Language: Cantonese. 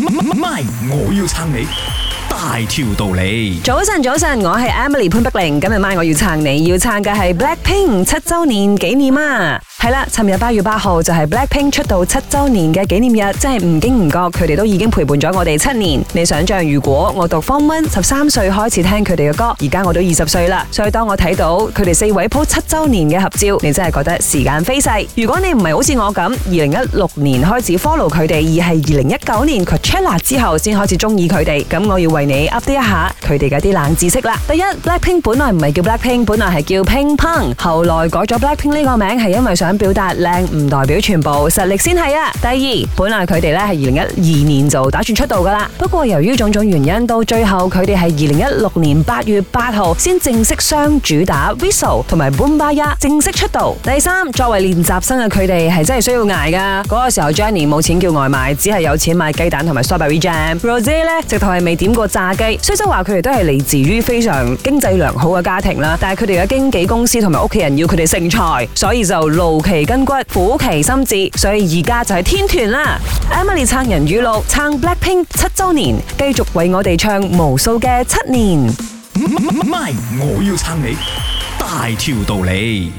MY 我要撐你，大條道理。早晨，早晨，我係 Emily 潘碧玲，今日 MY 我要撐你，要撐嘅係 Blackpink 七周年紀念啊！係啦，尋日八月八號就係 Blackpink 出道七周年嘅紀念日，真係唔經唔覺，佢哋都已經陪伴咗我哋七年。你想象，如果我讀 Form One，十三歲開始聽佢哋嘅歌，而家我都二十歲啦。所以當我睇到佢哋四位 po 七周年嘅合照，你真係覺得時間飛逝。如果你唔係好似我咁，二零一六年開始 follow 佢哋，而係二零一九年 Coachella 之後先開始中意佢哋，咁我要為你 update 一下佢哋嘅啲冷知識啦。第一，Blackpink 本來唔係叫 Blackpink，本來係叫 Ping Pong，後來改咗 Blackpink 呢個名係因為上。想表達靚唔代表全部實力先係啊！第二，本來佢哋咧喺二零一二年就打算出道噶啦，不過由於種種原因，到最後佢哋係二零一六年八月八號先正式雙主打 Whistle 同埋 Boombayah 正式出道。第三，作為練習生嘅佢哋係真係需要挨噶。嗰、那個時候 Jennie 冇錢叫外賣，只係有錢買雞蛋同埋 strawberry jam。Rosie 咧直頭係未點過炸雞。雖則話佢哋都係嚟自於非常經濟良好嘅家庭啦，但係佢哋嘅經紀公司同埋屋企人要佢哋成才，所以就露。其筋骨，苦其心志，所以而家就係天團啦。Emily 撐人語錄，撐 Blackpink 七周年，繼續為我哋唱無數嘅七年。MY，我要撐你，大條道理。